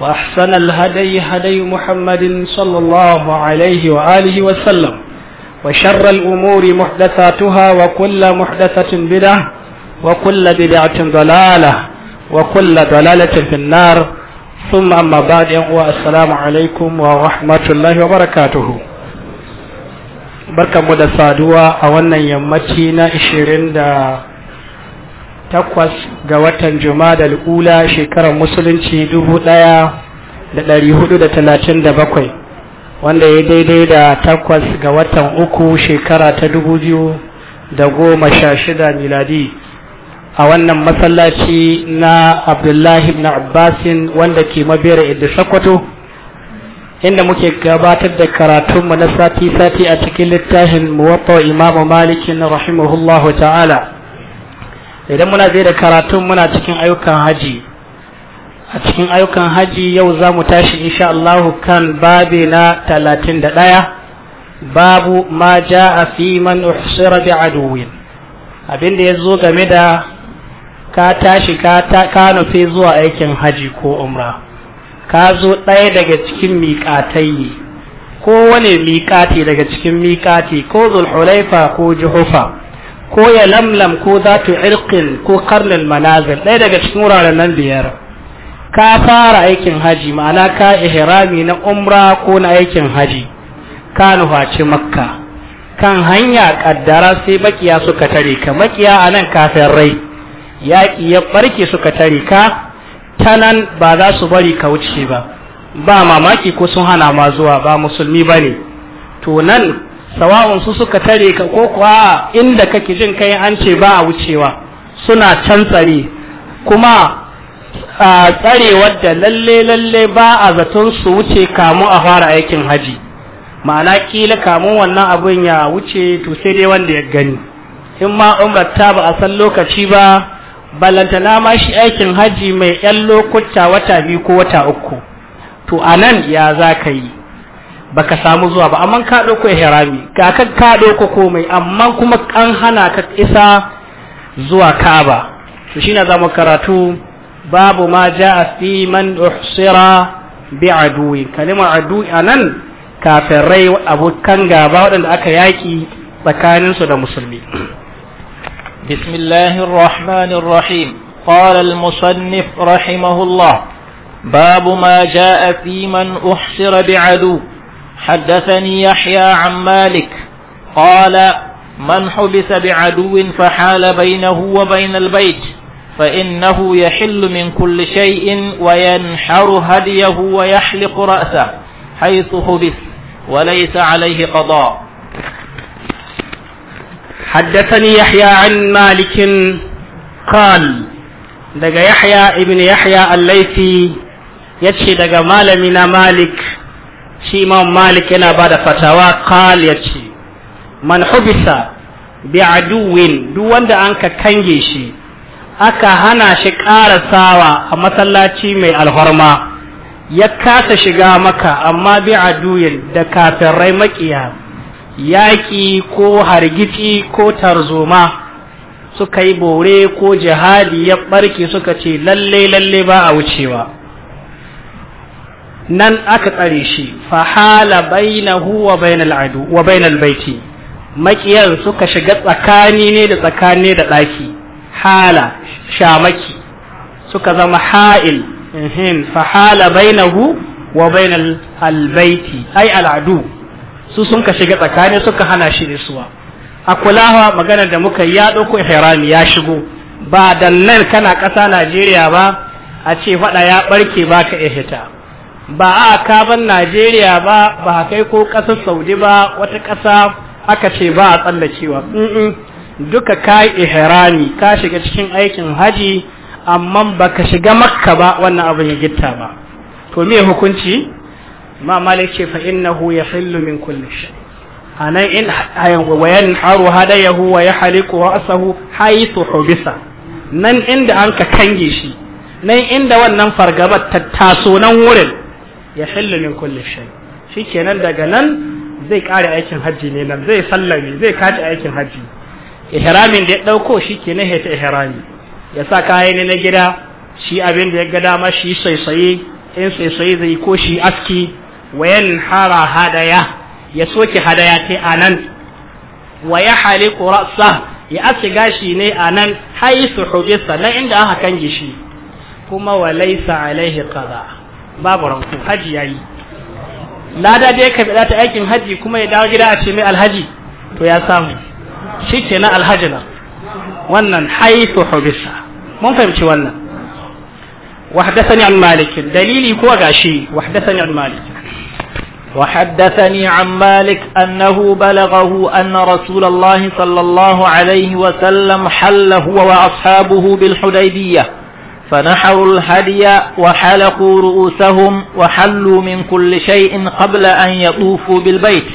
وأحسن الهدي هدي محمد صلى الله عليه وآله وسلم وشر الأمور محدثاتها وكل محدثة بدعة وكل بدعة ضلالة وكل ضلالة في النار ثم أما بعد والسلام عليكم ورحمة الله وبركاته بركة مدى سادوة أولا يمتينا إشيرين takwas ga watan da ula shekarar musulunci dubu ɗaya da ɗari hudu da talatin da bakwai wanda ya daidai da takwas ga watan uku shekara ta dubu biyu da goma sha shida miladi a wannan masallaci na abdullahi ibn abbasin wanda ke mabera inda sakwato inda muke gabatar da karatunmu na sati-sati a cikin littafin muwatta imamu malikin rahimahullahu ta'ala idan muna zai da karatun muna cikin ayyukan haji a cikin ayyukan haji yau za mu tashi insha Allah kan babi na talatin da ɗaya babu ma ja a fi man uhsira bi aduwin abinda ya zo game da ka tashi ka nufi zuwa aikin haji ko umra ka zo ɗaya daga cikin miƙatai ko wane miƙati daga cikin miƙati ko zulhulaifa ko juhufa ko ya lamlam ko zatu irkin ko karnin manazil ɗaya daga cikin wuraren nan biyar ka fara aikin haji ma'ana ka ihrami na umra ko na aikin haji ka nufaci makka kan hanya kaddara sai makiya suka tare ka makiya a nan kafin rai yaƙi ya barke suka tare ka ta nan ba za su bari ka wuce ba ba mamaki ko sun hana ma zuwa ba musulmi ba ne to nan sawa'un su suka tare ka ko kuwa inda kake jin kai an ce ba a wucewa suna can tsare kuma a tsarewar da lalle lalle ba a zaton su wuce kamu a fara aikin haji ma'ana kila kamun wannan abin ya wuce to sai dai wanda ya gani in ma umrar ta ba a san lokaci ba balantana ma shi aikin haji mai yan lokuta wata biyu ko wata uku to a nan ya za ka yi baka samu zuwa ba amma ka ɗauko ihrami ka kan ka ɗauko komai amma kuma an hana ka isa zuwa Ka'aba to shine zamu karatu babu ma ja'a fi man uhsira bi aduwi kalima aduwi anan kafirai abokan gaba waɗanda aka yaki tsakanin su da musulmi bismillahir rahmanir rahim قال المصنف رحمه babu ma ما جاء في من bi بعدو حدثني يحيى عن مالك قال من حبس بعدو فحال بينه وبين البيت فإنه يحل من كل شيء وينحر هديه ويحلق رأسه حيث حبس وليس عليه قضاء حدثني يحيى عن مالك قال دقى يحيى ابن يحيى الليثي يتشي دقى من مالك shi imam malik yana ba da fatawa qal ya ce man hubisa bi aduwin duk wanda an ka kange shi aka hana shi sawa a masallaci mai alhorma ya kasa shiga maka amma bi aduyin da kafirai makiya yaƙi ko hargitsi ko tarzoma suka yi bore ko jihadi ya ɓarke suka ce lalle lalle ba a wucewa nan aka tsare shi fa hala bainahu wa bainal adu wa bainal baiti makiyar suka shiga tsakani ne da tsakani da daki hala shamaki suka zama ha'il fa hala bainahu wa bainal albaiti ai adu su sun ka shiga tsakani suka hana shi nisuwa a kulawa magana da muka ya ɗauko ihrami ya shigo ba da nan kana ƙasa Najeriya ba a ce faɗa ya barke baka ihita ba a kaban Najeriya ba ba kai ko ƙasar Saudi ba wata ƙasa aka ce ba a tsallacewa duka ka ihrami ka shiga cikin aikin haji amma ba ka shiga makka ba wannan abin ya gitta ba to me hukunci ma malik ce fa innahu yahillu min kulli shay anan in hayan wayan haru hadayahu wa yahliku ra'sahu haythu hubisa nan inda an ka kange shi nan inda wannan fargabar ta taso nan wurin ya hillu min kulli shay shikenan daga nan zai kare aikin hajji ne nan zai sallame zai kace aikin hajji ihramin da ya dauko shikenan ya ta ihrami ya sa kayan ne na gida shi abin da ya ga dama shi saisaye in saisaye zai ko shi aski wayan hara hadaya ya soke hadaya ta anan wa ya haliku ra'sa ya aski gashi ne a anan haisu hubisa na inda aka kan gishi kuma wa alaihi qada babu ranko haji yayi lada dai ka bada ta aikin haji kuma ya dawo gida a ce mai alhaji to ya samu shikenan alhajina wannan haitu hubisa mun fahimci wannan وحدثني عن مالك دليلي كو غاشي وحدثني عن مالك وحدثني عن مالك أنه بلغه أن رسول الله صلى الله عليه وسلم حل هو وأصحابه بالحديبية فنحروا الهدي وحلقوا رؤوسهم وحلوا من كل شيء قبل أن يطوفوا بالبيت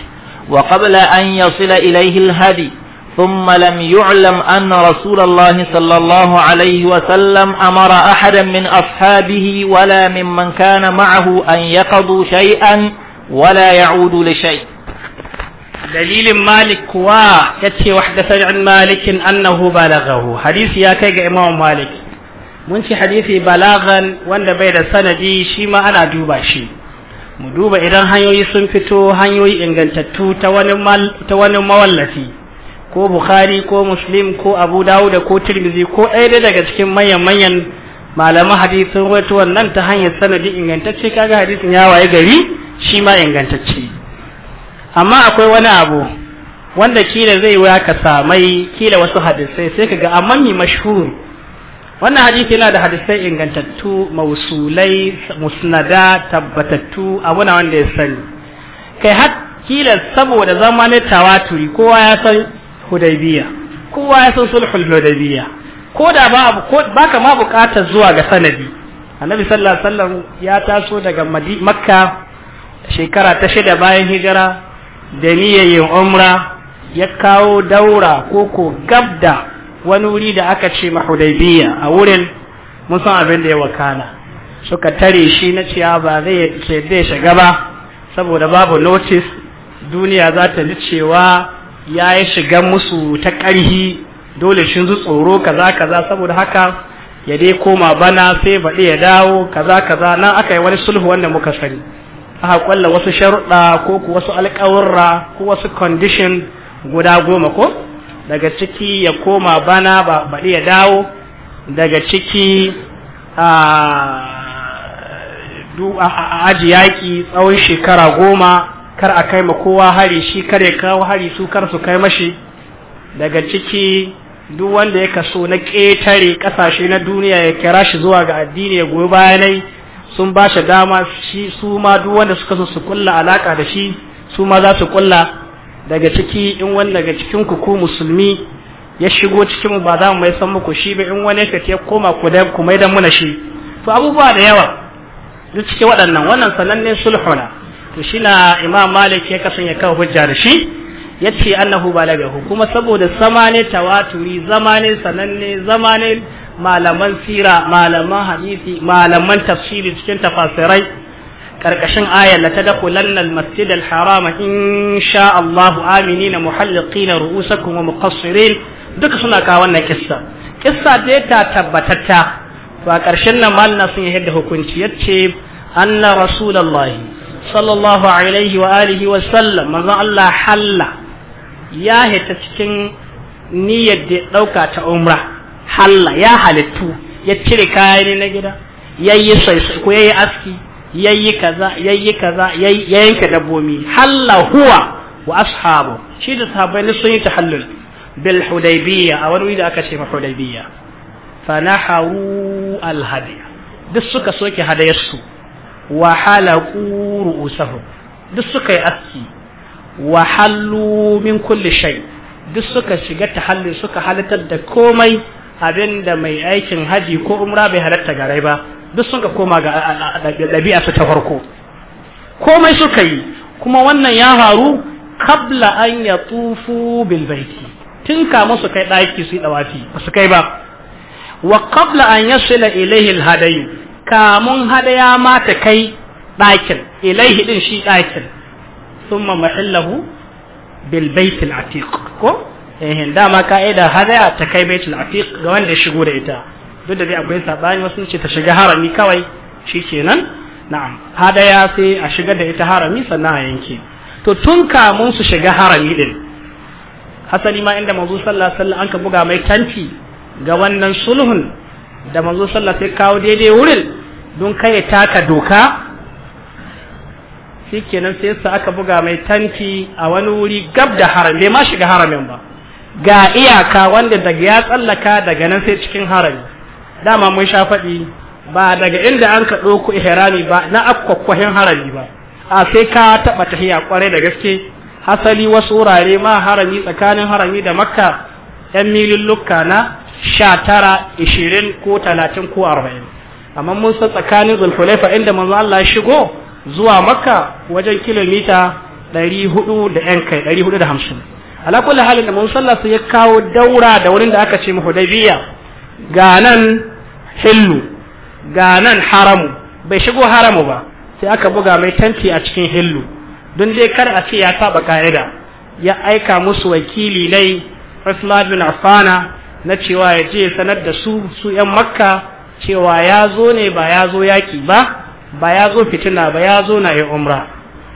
وقبل أن يصل إليه الهدي ثم لم يعلم أن رسول الله صلى الله عليه وسلم أمر أحدا من أصحابه ولا ممن كان معه أن يقضوا شيئا ولا يعودوا لشيء دليل مالك كوا وحدث عن مالك أنه بلغه حديث يا كيك إمام مالك mun ci hadisi balagan wanda bai da sanadi shi ma ana duba shi mu duba idan hanyoyi sun fito hanyoyi ingantattu ta wani mawallafi ko bukhari ko muslim ko abu dawuda ko tirmizi ko ɗaya daga cikin manyan manyan malaman hadisin wato wannan ta hanyar sanadi ingantacce kaga hadisin ya waye gari shi ma ingantacce amma akwai wani abu wanda kila zai waya ka samai kila wasu hadisai sai kaga amma mai mashhur wannan hadisi yana da hadisai ingantattu mausulai musnada tabbatattu abuna wanda ya sani kai har kila saboda zama ne tawaturi kowa ya san hudaybiya kowa ya san sulhul hudaybiya ko da ba ko baka ma bukatar zuwa ga sanadi annabi sallallahu alaihi wasallam ya taso daga makka shekara ta shida bayan hijira da niyyar umra ya kawo daura ko ko gabda wani wuri da aka ce mahudaibiya a wurin mun abin da ya wakana suka tare shi na ciya ba zai zai shiga ba saboda babu notis duniya za ta ji cewa ya yi shiga musu ta ƙarhi dole shi zu tsoro kaza kaza saboda haka ya dai koma bana sai baɗi ya dawo kaza kaza nan aka yi wani sulhu wanda muka sani aka kwalla wasu sharuɗa ko wasu alƙawurra ko wasu condition guda goma ko daga ciki ya koma bana ba baɗi ya dawo daga ciki a aji yaƙi tsawon shekara goma kar a kai ma kowa hari shi kar ya kawo hari su kar su kai mashi daga ciki duk wanda ya kaso na ƙetare ƙasashe na duniya ya kira shi zuwa ga addini ya goyi bayanai sun ba shi dama shi su ma duk wanda suka so su kulla alaƙa da shi su ma za su kulla daga ciki in wani daga cikin ku ku musulmi ya shigo cikin ba za mu mai san muku shi ba in wani ya ya koma ku da ku mai dan muna shi to abubuwa da yawa duk cikin waɗannan wannan sanannen sulhuna to shi na imam malik ya kasan ya kawo hujja da shi ya ce annahu balagahu kuma saboda zama ne tawaturi zama ne sananne zama malaman sira malaman hadisi malaman tafsiri cikin tafasirai karkashin ayar la tadkhulanna al-masjid al-harama insha Allah aminina muhalliqina ru'usakum wa muqassirin duka suna kawo wannan kissa kissa dai ta tabbatatta to a karshen nan malna sun yadda hukunci yace anna rasulullahi sallallahu alaihi wa alihi wa sallam manzon Allah halla ya hita cikin niyyar da dauka ta umra halla ya halittu ya cire kayan na gida yayi sai ko yayi aski yayi kaza yayi kaza yayi yanke dabbomi halla huwa wa ashabu shi da sahabbai ne sun yi tahallul bil hudaybiyya a wani da aka ce ma hudaybiyya fa nahawu al hadiya duk suka soke hadayarsu wa halaqu ru'usahu duk suka yi aski wa hallu min kulli shay duk suka shiga tahallul suka halatar da komai abinda mai aikin haji ko umra bai halatta garai ba duk sun ka koma ga ɗabi'a su ta farko komai suka yi kuma wannan ya faru kabla an ya tufu bil tun kama su kai ɗaki su yi ɗawafi ba su kai ba wa kabla an ya yasila ilaihi hadayu kamun hadaya ma ta kai ɗakin ilaihi din shi ɗakin thumma mahillahu bil baitil atiq ko eh dama ka'ida hadaya ta kai baitul atiq ga wanda ya shigo da ita duk da dai akwai sabani wasu ce ta shiga harami kawai shikenan na'am ya sai a shiga da ita harami sannan a yanke to tun kamun su shiga harami din hasali ma inda manzo sallallahu alaihi wasallam an ka buga mai tanti ga wannan sulhun da manzo sallallahu alaihi kawo daidai wurin don kai taka doka shikenan sai sa aka buga mai tanti a wani wuri gab da haram bai ma shiga haramin ba ga iyaka wanda daga ya tsallaka daga nan sai cikin harami dama mun sha faɗi ba daga inda an ka ɗauko ihrami ba na akwakwahin harami ba a sai ka taɓa tahiya kwarai da gaske hasali wasu wurare ma harami tsakanin harami da makka yan milin lukka na sha tara ishirin ko talatin ko arba'in amma mun san tsakanin zulfulaifa inda manzo Allah ya shigo zuwa makka wajen kilomita ɗari hudu da yan kai ɗari hudu da hamsin ala kulli halin da mun sallah ya kawo daura da wurin da aka ce mu hudaybiya ga nan hillu ga nan haramu bai shigo haramu ba sai aka buga mai tanti a cikin hillu don dai kar a ce ya saba ka'ida ya aika musu wakili nai Usman bin Affana na cewa ya je sanar da su su yan Makka cewa ya zo ne ba ya zo yaki ba ba ya zo fitina ba ya zo na yi umra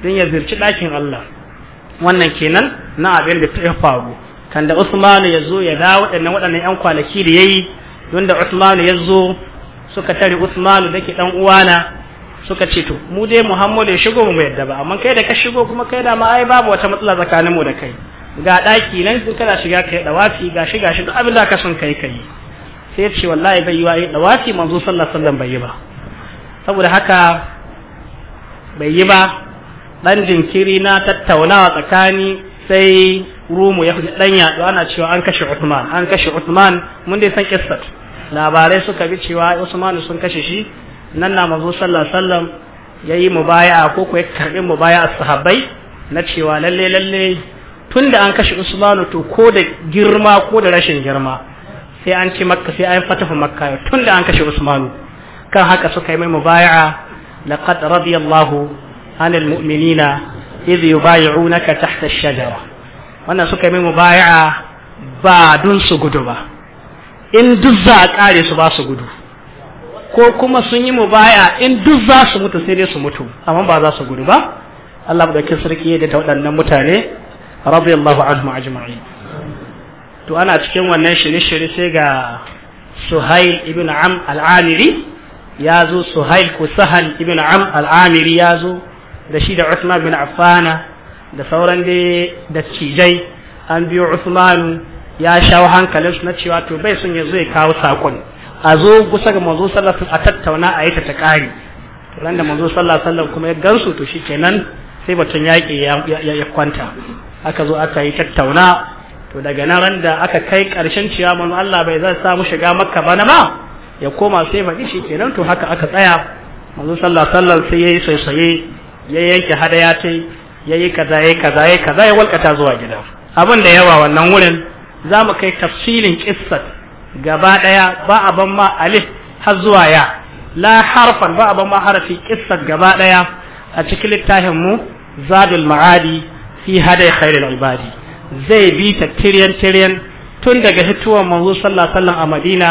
don ya zirci ɗakin Allah wannan kenan na abin da ta faru kan da Usman ya zo ya dawo waɗannan waɗannan yan kwanaki da ya yi. tunda Usmanu ya zo suka tare Usman da ke dan uwana suka ce to mu dai Muhammadu ya shigo mu yadda ba amma kai da ka shigo kuma kai da ma ai babu wata matsala tsakanin mu da kai ga daki nan in kana shiga kai dawafi ga shiga shi duk abin ka son kai kai sai ya ce wallahi bai yi wa dawafi eh, manzo sallallahu alaihi wasallam bai yi ba saboda haka bai yi ba dan jinkiri na tattaunawa tsakani sai rumu ya ɗanya yaɗu ana cewa an kashe Uthman an kashe Uthman mun dai san kissar labarai suka bi cewa Usman sun kashe shi nan na manzo sallallahu alaihi wasallam yayi mubaya'a ko ko ya karbi mubaya'a sahabbai na cewa lalle lalle tunda an kashe Usmanu to ko da girma ko da rashin girma sai an ci makka sai an fatafa makka tunda an kashe Usmanu kan haka suka yi mai mubaya'a laqad radiyallahu anil mu'minina idh yubayi'unaka tahta ash-shajara wannan suka yi mubaya'a ba dun su gudu ba in duk za a kare su ba su gudu ko kuma sun yi mubaya in duk za su mutu sai dai su mutu amma ba za su gudu ba Allah da kin sarki ya da waɗannan mutane radiyallahu anhum ajma'in to ana cikin wannan shirye-shirye sai ga Suhail ibn Am al-Amiri ya zo Suhail ko Sahal ibn Am al-Amiri ya zo da shi da Usman bin Affana da sauran da cijai an biyo Usman ya shawo hankalin su na cewa to bai sun yazo ya kawo sakon a zo kusa ga manzo sallallahu alaihi a tattauna a yi ta takari to ran da manzo sallallahu alaihi kuma ya gansu to shikenan sai batun yaƙi ya ya kwanta aka zo aka yi tattauna to daga nan ran da aka kai ƙarshen cewa manzo Allah bai zai samu shiga makka na ma ya koma sai faɗi shikenan to haka aka tsaya manzo sallallahu alaihi sai yayi sai ya yanke hadaya ta ya yi kaza ya yi kaza ya kaza ya walkata zuwa gida abin da yawa wannan wurin za mu kai tafsilin kissat gaba daya ba a ban ma alif har zuwa ya la harfan ba a ban ma harafi kissat gaba daya a cikin littafin mu zadul ma'adi fi hadai khairul ibadi zai bi ta tiryan tiryan tun daga hituwar manzo sallallahu alaihi wasallam a Madina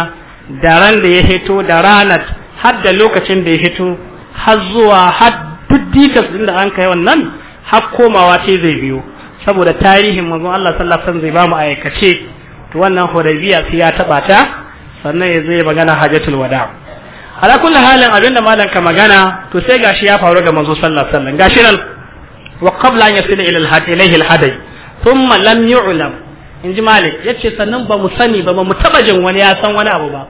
da ran da ya hito da ranar har da lokacin da ya hito har zuwa har duk tikas din da an kai wannan har komawa ce zai biyo saboda tarihin manzon Allah sallallahu alaihi wasallam zai ba mu aikace to wannan hudaybiya sai ya taba ta sannan ya zai magana hajjatul wada ala kulli halin abinda malam ka magana to sai gashi ya faru ga manzo sallallahu alaihi wasallam gashi nan wa qabla an yasila ila al-hadi ilayhi al-hadi thumma lam yu'lam in ji malik ya ce sannan ba mu sani ba ba mu taba jin wani ya san wani abu ba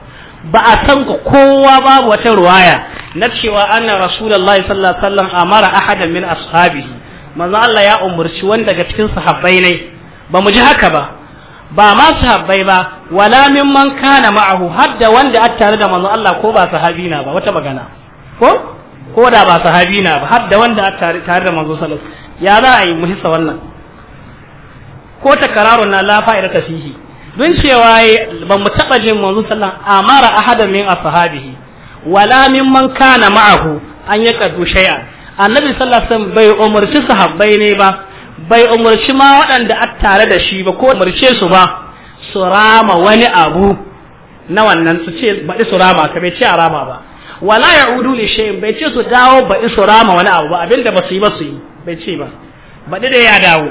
ba a san ka kowa babu wata ruwaya na cewa anna rasulullahi sallallahu alaihi wasallam amara ahadan min ashabihi manzo Allah ya umurci wanda daga cikin sahabbai ne ba mu ji haka ba ba ma sahabbai ba wala min mimman kana ma'ahu hadda wanda a tare da manzo Allah ko ba sahabi na ba wata magana ko ko da ba sahabi na ba hadda wanda a tare da manzo sallallahu ya za a yi muhissa wannan ko takararun na la fa'ida ta fihi don cewa ba mu taɓa jin manzon sallan amara ahada min ashabihi wala min man kana ma'ahu an ya kadu shay'a annabi sallallahu alaihi wasallam bai umarci sahabbai ne ba bai umarci ma waɗanda a tare da shi ba ko umarce su ba su rama wani abu na wannan su ce baɗi su rama ka bai ce a rama ba wala ya udu li shayin bai ce su dawo baɗi su rama wani abu ba abinda ba su yi ba su yi bai ce ba baɗi da ya dawo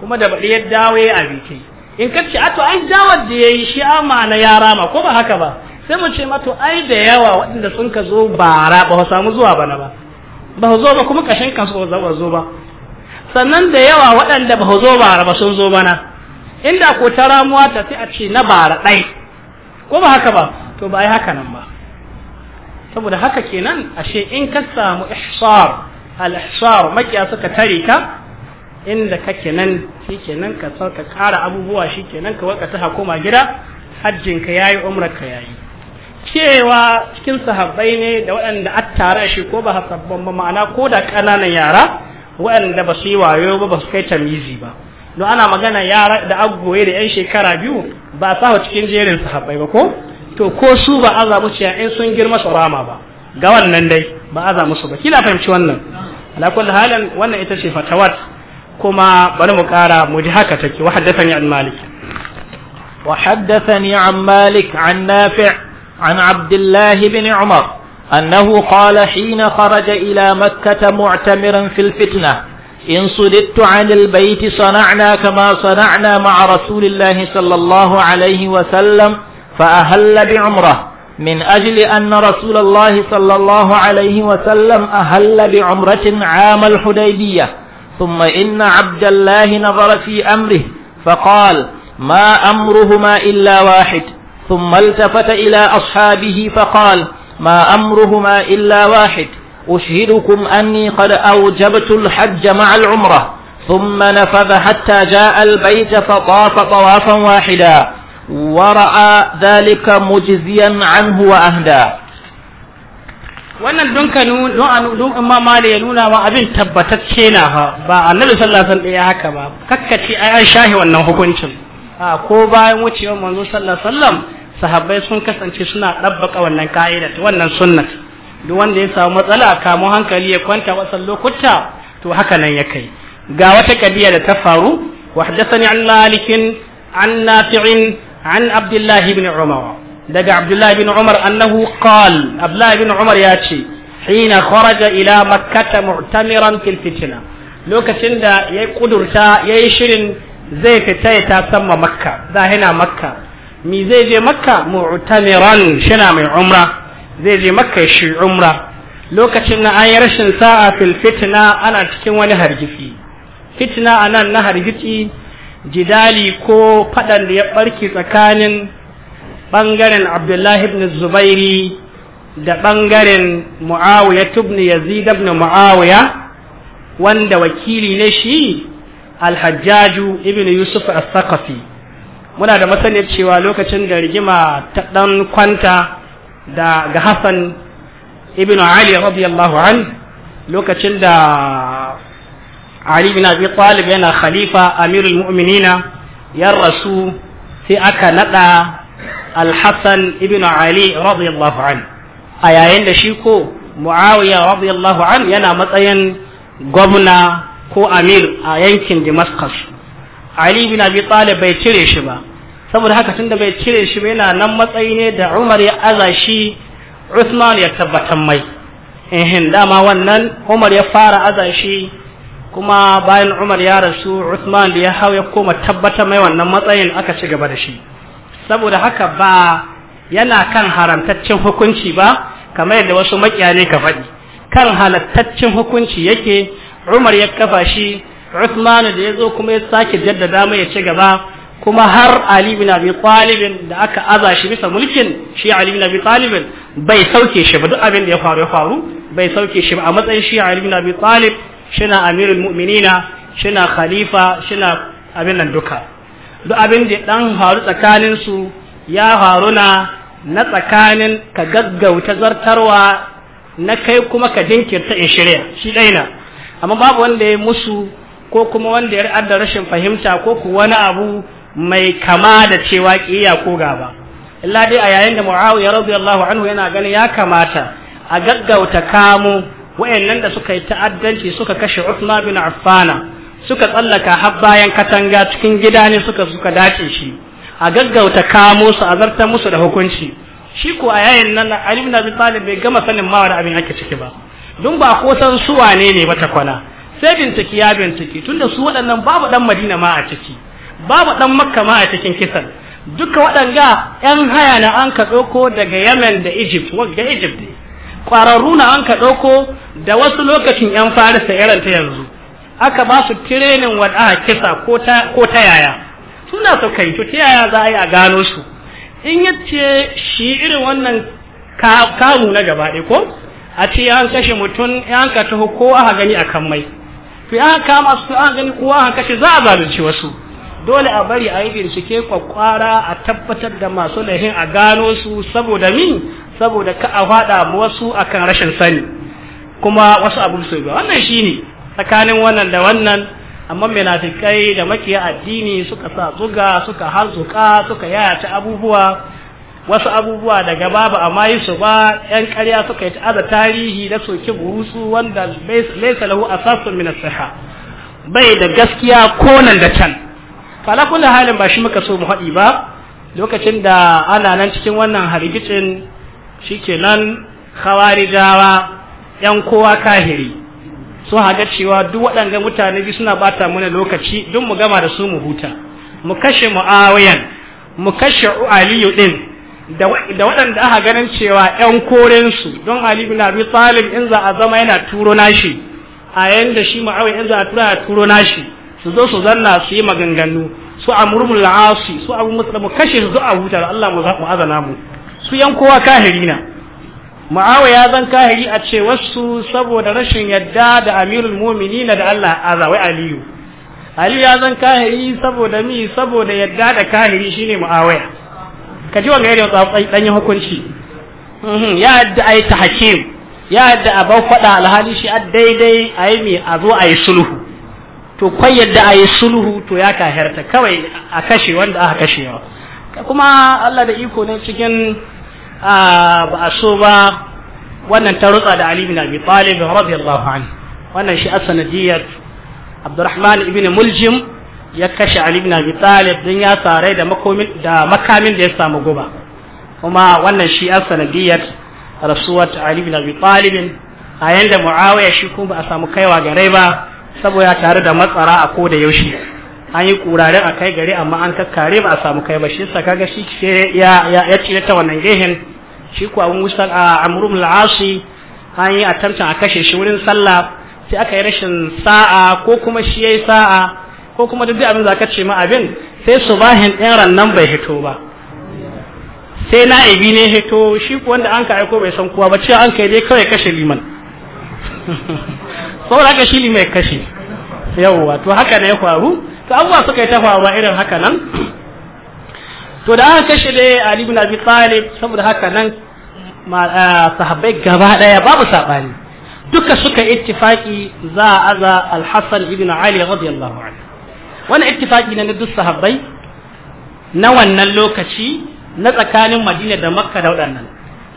kuma da baɗi ya dawo ya abi kai in ka ce a to ai dawar da yi shi ama na yara ma ko ba haka ba sai mu ce ma to ai da yawa waɗanda sun ka zo bara ba samu zuwa bana ba ba zo ba kuma kashin kansu ba zo ba sannan da yawa waɗanda ba zo bara ba sun zo bana inda ko ta ramuwa ta sai a ce na bara ɗai ko ba haka ba to ba ai haka nan ba saboda haka kenan ashe in ka samu ihsar al ihsar makiya suka tare ka inda kake nan shikenan ka ka ƙara abubuwa shikenan ka waka ta koma gida hajjin ka yayi umrar ka yayi cewa cikin sahabbai ne da waɗanda a tare shi ko ba sabban ba ma'ana ko da ƙananan yara waɗanda ba su yi wayo ba ba su kai tamizi ba don ana magana yara da agoye da 'yan shekara biyu ba sa cikin jerin sahabbai ba ko to ko su ba aza musu ya in sun girma su ba ga wannan dai ba aza musu ba kila fahimci wannan ala halin wannan ita ce fatawat كما مكارا مجهكة تكي وحدثني عن مالك وحدثني عن مالك عن نافع عن عبد الله بن عمر أنه قال حين خرج إلى مكة معتمرا في الفتنة إن صددت عن البيت صنعنا كما صنعنا مع رسول الله صلى الله عليه وسلم فأهل بعمره من أجل أن رسول الله صلى الله عليه وسلم أهل بعمرة عام الحديبية ثم إن عبد الله نظر في أمره فقال ما أمرهما إلا واحد ثم التفت إلى أصحابه فقال ما أمرهما إلا واحد أشهدكم أني قد أوجبت الحج مع العمرة ثم نفذ حتى جاء البيت فطاف طوافا واحدا ورأى ذلك مجزيا عنه وأهداه wannan don ka don imma mali ya nuna ma abin tabbatacce na ha ba annabi sallallahu alaihi wasallam ya haka ba kakkace ai an shahi wannan hukuncin a ko bayan wucewar manzo sallallahu alaihi sahabbai sun kasance suna dabbaka wannan ka'idar wannan sunnat duk wanda ya samu matsala kamo hankali ya kwanta wasan lokuta to haka nan ya kai ga wata kabiya da ta faru wa an malikin an nafi'in an abdullahi ibn umar daga abdullahi bin umar annahu qal abdullahi bin umar ya ce hina kharaja ila makkata mu'tamiran filfitina lokacin da ya kudurta yayi shirin zai fita ya tasamma makka zahina makka mi zai je makka mu'tamiran shina mai umra zai je makka shi umra lokacin na an yi rashin sa'a fil fitna ana cikin wani hargitsi fitina anan na hargitsi jidali ko faɗan da ya ɓarki tsakanin ɓangaren abdullahi ibn zubairi da ɓangaren mu'awiya ibn yazid ibn mu'awiya wanda wakili ne shi alhajjaju ibn yusuf as-saqafi muna da masaniyar cewa lokacin da rigima ta dan kwanta da ga hassan ibn ali radiyallahu an lokacin da ali bin abi talib yana khalifa amirul mu'minina ya rasu sai aka nada al-hassan ibn ali radiyallahu an a yayin da shi ko muawiya radiyallahu an yana matsayin gwamna ko amir a yankin damascus ali ibn abi bai cire shi ba saboda haka tunda bai cire shi ba yana nan matsayi ne da umar ya aza shi usman ya tabbatar mai ehin dama wannan umar ya fara aza shi kuma bayan umar ya rasu usman da ya hau ya koma tabbatar mai wannan matsayin aka ci gaba da shi saboda haka ba yana kan haramtaccen hukunci ba kamar yadda wasu makiyane ka faɗi kan halattaccen hukunci yake Umar ya kafa shi Uthman da ya zo kuma ya sake jaddada mai ya ci gaba kuma har Ali bin Abi Talib da aka aza shi bisa mulkin shi Ali bin Abi Talib bai sauke shi ba duk abin da ya faru ya faru bai sauke shi ba a matsayin shi Ali bin Abi Talib shina amirul mu'minina na khalifa shina abin nan duka duk abin da dan haru tsakanin su ya haru na na tsakanin ka gaggauta zartarwa na kai kuma ka jinkirta in shirya shi ɗaina amma babu wanda ya musu ko kuma wanda ya ra'adda rashin fahimta ko ku wani abu mai kama da cewa ƙiya ko gaba illa dai a yayin da Muawiya radiyallahu anhu yana ganin ya kamata a gaggauta kamu wayannan da suka yi ta'addanci suka kashe Uthman bin Affana suka tsallaka har bayan katanga cikin gida ne suka suka dace shi a gaggauta kamo su a zartar musu da hukunci shi ko a yayin nan Ali ibn Abi Talib bai gama sanin ma da abin ake ciki ba dun ba ko san su wane ne ba ta kwana sai bintiki ya bintiki tunda su waɗannan babu dan Madina ma a ciki babu dan Makka ma a cikin kisan duka waɗanga ƴan haya na an ka ɗauko daga Yemen da Egypt wanda Egypt ne kwararru na an ka ɗauko da wasu lokacin ƴan Farisa irin ta yanzu aka ba su training wada a kisa ko ta yaya suna su kai to ta yaya za a yi a gano su in ce shi irin wannan kamu na gaba ɗaya ko a ce an kashe mutum ya ka taho ko aka gani akan mai to an kama su an gani ko aka kashe za a zalunci wasu dole a bari a yi bincike kwakwara a tabbatar da masu lahin a gano su saboda min saboda ka a faɗa wasu akan rashin sani kuma wasu abu su ba wannan shine tsakanin wannan da wannan amma munafikai da makiya addini suka sa zuga suka harzuka suka yayata abubuwa wasu abubuwa daga babu amma yi su ba yan ƙarya suka yi ta'aza tarihi da soke burusu wanda laisa lahu asasun min as bai da gaskiya ko nan da can fala kullu halin ba shi muka so mu haɗi ba lokacin da ana nan cikin wannan hargitsin shikenan khawarijawa yan kowa kahiri so haga cewa duk waɗanda mutane bi suna bata mana lokaci don mu gama da su mu huta mu kashe mu'awiyan mu kashe aliyu din da waɗanda aka ganin cewa ƴan korensu don ali bin abi talib in za a zama yana turo nashi a yanda shi mu'awiyan in za a tura ya turo nashi su zo su zanna su yi maganganu su amurmul asi su abu musulmi kashe su zo a huta Allah mu azana mu su yan kowa kahirina muawiya ya zan kahiri a ce wasu saboda rashin yadda da amirul na da Allah a wa aliyu aliyu ya zan kahiri saboda mi saboda yadda da kahiri shine muawiya ka ji wanga yadda dan yi hukunci mhm, ya yadda ai tahkim ya yadda a bau faɗa alhali shi a daidai a yi mi a zo a yi sulhu to kwai yadda a yi sulhu to ya kahirta kawai a kashe wanda aka kashewa kuma Allah da iko na cikin Ah, ba a so ba wannan ta rutsa da Ali bin Abi Talib radiyallahu anhu wannan shi asanadiyar Abdurrahman ibn Muljim ya kashe Ali bin Abi Talib don ya sare da makomin da makamin da ya samu guba kuma wannan shi asanadiyar rasuwar Ali bin Abi Talib a yanda Muawiya shi kuma ba a samu kaiwa gare ba saboda tare da matsara a ko da yaushe an yi kurare a kai gari amma an kakkare ba a samu kai ba shi yasa kaga shi ya ya ya ta wannan gehen shi ko abun wusa a amrum al-asi an yi attempting a kashe shi wurin sallah sai aka yi rashin sa'a ko kuma shi yayi sa'a ko kuma duk abin za ka ce ma abin sai subahin ɗin rannan bai hito ba sai na ibi ne hito shi ko wanda an ka aiko bai san kowa ba cewa an kai dai kawai kashe liman saboda haka shi limai kashe yawwa to haka ne ya faru to abubuwa suka yi ta faruwa irin haka nan to da aka kashe dai Ali ibn Abi Talib saboda haka nan sahabbai gaba daya babu sabani duka suka ittifaki za a aza al-Hasan ibn Ali radiyallahu anhu wannan ittifaki ne na duk sahabbai na wannan lokaci na tsakanin Madina da Makka da waɗannan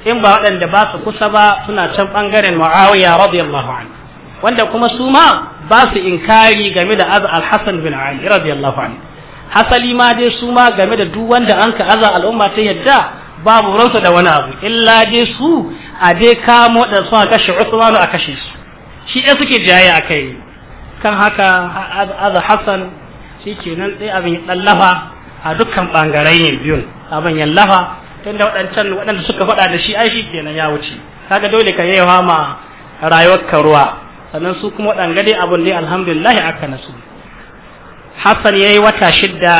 in ba waɗanda ba su kusa ba suna can bangaren Muawiya radiyallahu anhu wanda kuma su ma ba su inkari game da aza al-Hasan bin Ali radiyallahu anhu hasali ma dai su ma game da duk wanda an ka aza al'umma ta yadda babu ransa da wani abu illa dai su a dai kamo da su a kashe Usman a kashe su shi ɗaya suke jaye a kai kan haka aza Hassan shi kenan sai abin lallafa a dukkan bangarai biyun abin yallafa tunda waɗancan waɗanda suka faɗa da shi ai shi kenan ya wuce kaga dole ka yawa ma rayuwar ka ruwa sannan su kuma waɗanga dai abun dai alhamdulillah aka nasu hassan ya yi wata shidda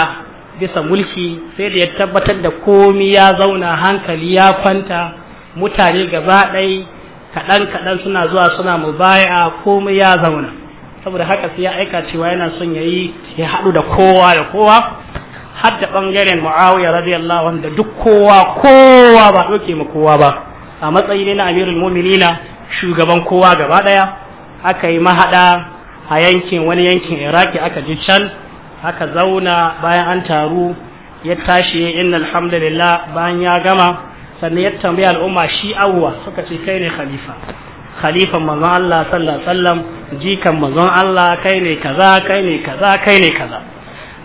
bisa mulki sai da ya tabbatar da komi ya zauna hankali ya kwanta mutane gaba ɗai kaɗan kaɗan suna zuwa suna mu baya komai ya zauna saboda haka sai ya aika cewa yana son ya yi ya haɗu da kowa da kowa har da ɓangaren mu'awiya radiyallahu anhu da duk kowa kowa ba ɗauke ma kowa ba a matsayi ne na amirul muminina shugaban kowa gaba ɗaya aka yi mahaɗa a yankin wani yankin iraki aka ji can aka zauna bayan an taru ya tashi inna alhamdulillah bayan ya gama sannan ya tambaya al'umma shi awwa suka ce kai ne khalifa khalifan manzon Allah sallallahu alaihi wasallam jikan manzon Allah kai ne kaza kai ne kaza kai ne kaza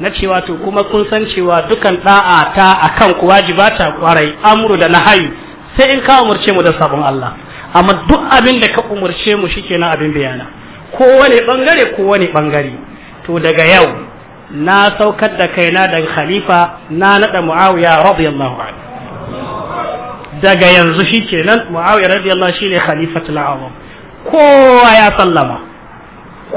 na cewa to kuma kun san cewa dukan da'a ta akan ku wajibata kwarai amru da nahayi sai in ka umurce mu da sabon Allah amma duk abin da ka umarce mu kenan abin bayana kowane bangare kowane bangare to daga yau na saukar da kaina daga khalifa na nada muawiya radiyallahu anhu daga yanzu shikenan muawiya radiyallahu ne khalifatul azam kowa ya sallama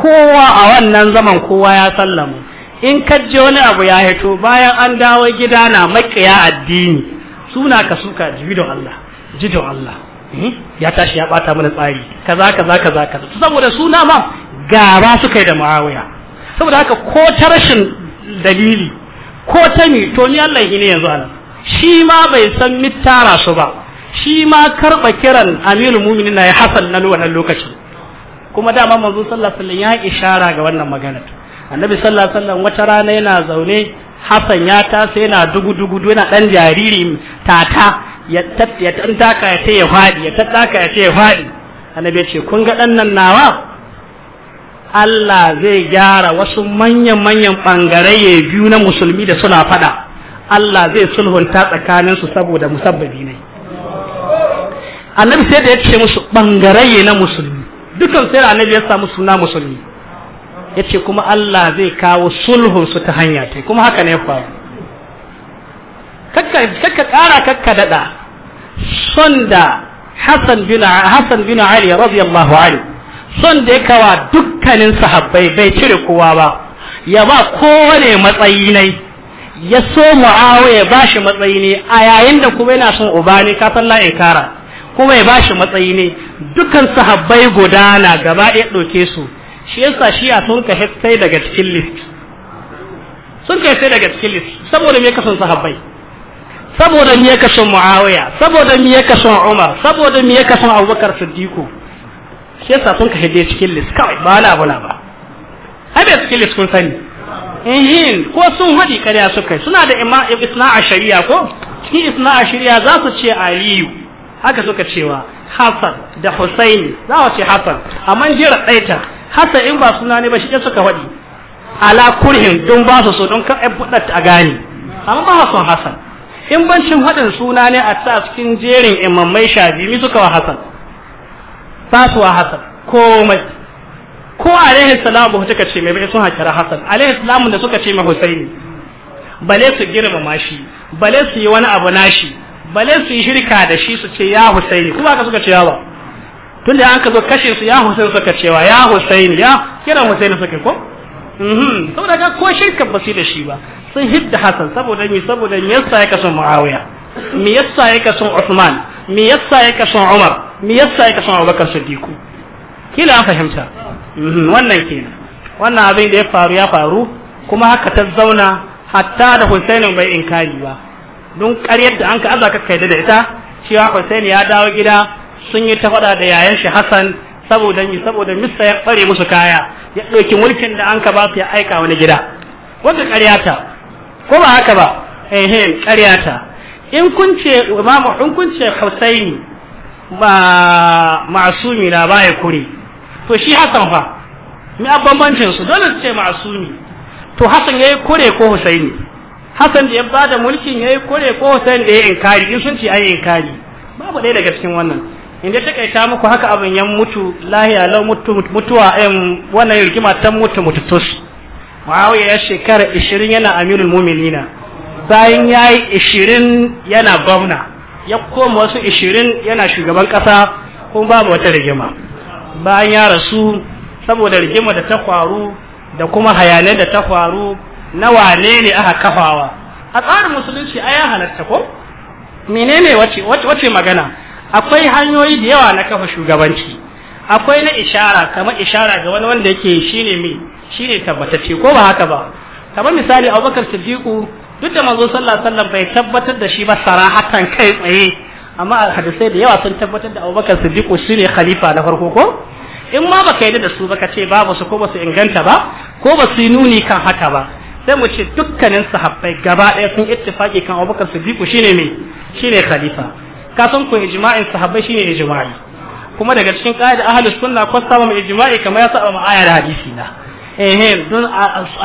kowa a wannan zaman kowa ya sallama in je wani abu ya hito bayan an dawo gida na makiya addini suna ka suka jidon Allah jidon Allah Eh? ya tashi ya bata mana tsari kaza kaza kaza kaza saboda suna ma gaba suka yi da muawiya saboda haka ko ta rashin dalili ko ta mi to ni Allah ne yanzu anan shi ma bai san mittara su ba shi ma karba kiran Aminu Mu'minin na ya Hassan nan wannan lokacin kuma dama manzo sallallahu alaihi wasallam ya ishara ga wannan magana annabi sallallahu alaihi wasallam wata rana yana zaune Hassan ya tasa yana dugu dugu yana dan jariri tata ya ta taka ya ce ya faɗi ya tattaka ya ce ya faɗi annabi ce kun ga ɗan nan nawa Allah zai gyara wasu manyan-manyan ɓangare biyu na musulmi da suna faɗa Allah zai sulhunta tsakaninsu saboda musabbabi ne annabi sai da ya ce musu ɓangare na musulmi dukan sai annabi ya samu suna musulmi ya ce kuma Allah zai kawo sulhunsu ta hanya ta kuma haka ne ya faru kakka kara kakka dada son da Hassan bin Hassan bin Ali radiyallahu anhu son da ya kawa dukkanin sahabbai bai cire kowa ba ya ba kowane matsayi ne ya so Muawiya ya bashi matsayi ne a yayin da kuma yana son ubani ka san la kara kuma ya bashi matsayi ne dukkan sahabbai na gaba ɗaya ɗauke su shi yasa shi a sun ka sai daga cikin list sun ka sai daga cikin list saboda me ka son sahabbai saboda mi yake son muawiya saboda mi yake son umar saboda mi yake son abubakar siddiqu shi yasa sun ka hidde cikin list kawai ba la abu na ba hade cikin list kun sani ehin ko sun hadi kariya su kai suna da imma isna a shari'a ko cikin isna a shari'a za su ce aliyu haka suka cewa hasan da husaini za su ce hasan amma jira ɗaita Hassan in ba suna ne ba shi suka hadi ala kurhin don ba su so don kan ai buɗa a gane amma ba son hasan in bancin haɗin suna ne a ta cikin jerin imamai sha biyu suka wa hasan ba su wa hasan komai ko alaihi salam ba suka ce mai bai sun hakira hasan alaihi salam da suka ce mai husaini bale su girmama shi bale su yi wani abu nashi bale su yi shirka da shi su ce ya husaini kuma ka suka ce yawa tunda an ka zo kashe su ya husaini suka cewa ya husaini ya kiran husaini suka ko Mhm. saboda ka ko shirka basu da shi ba sun hidda hasan saboda mi saboda yasa ya kasan muawiya mi yasa ya kasan usman mi yasa ya kasan umar mi yasa ya kasan abubakar sadiku kila an fahimta mhm, wannan kenan wannan abin da ya faru ya faru kuma haka ta zauna hatta da Hussein bai inkari ba don karyar da an ka aza ka kaida da ita cewa Hussein ya dawo gida sun yi ta faɗa da yayan shi Hassan saboda mi saboda Mista ya ɓare musu kaya ya ɗauki mulkin da an ka ba su ya aika wani gida wanda ƙaryata ko ba haka ba ehem ƙaryata in kun ce imamu in kun ce Husaini ma masumi na baya kure to shi Hassan fa mi bambancin su dole su ce masumi to Hassan yayi kure ko Husaini Hassan da ya bada mulkin yayi kure ko Husaini da ya inkari in sun ce ai inkari babu ɗaya daga cikin wannan in dai takaita muku haka abin yan mutu lahiya lau mutu mutuwa ɗin wannan rigima ta mutu mutu tus muawiya ya shekara 20 yana amirul mu'minina bayan yayi 20 yana gwamna ya koma wasu ishirin yana shugaban kasa kuma babu wata rigima bayan ya rasu saboda rigima da ta faru da kuma hayanai da ta faru na wane ne aka kafawa a tsarin musulunci ai ya halatta ko menene wace wace magana akwai hanyoyi da yawa na kafa shugabanci akwai na ishara kamar ishara ga wani wanda yake shine mai shine tabbatacce ko ba haka ba kamar misali Abubakar Siddiqu duk da manzo sallallahu alaihi bai tabbatar da shi ba sarahatan kai tsaye amma hadisai da yawa sun tabbatar da Abubakar Siddiqu shine khalifa na farko ko in ma baka yi da su baka ce ba su ko ba su inganta ba ko ba su nuni kan haka ba sai mu ce dukkanin sahabbai gaba ɗaya sun ittifaki kan Abubakar Siddiqu shine mai shine khalifa ka san ko ijma'in sahabbai shine ijma'i kuma daga cikin qaida ahlus sunna ko saba mu ijma'i kamar ya saba mu ayar hadisi na eh don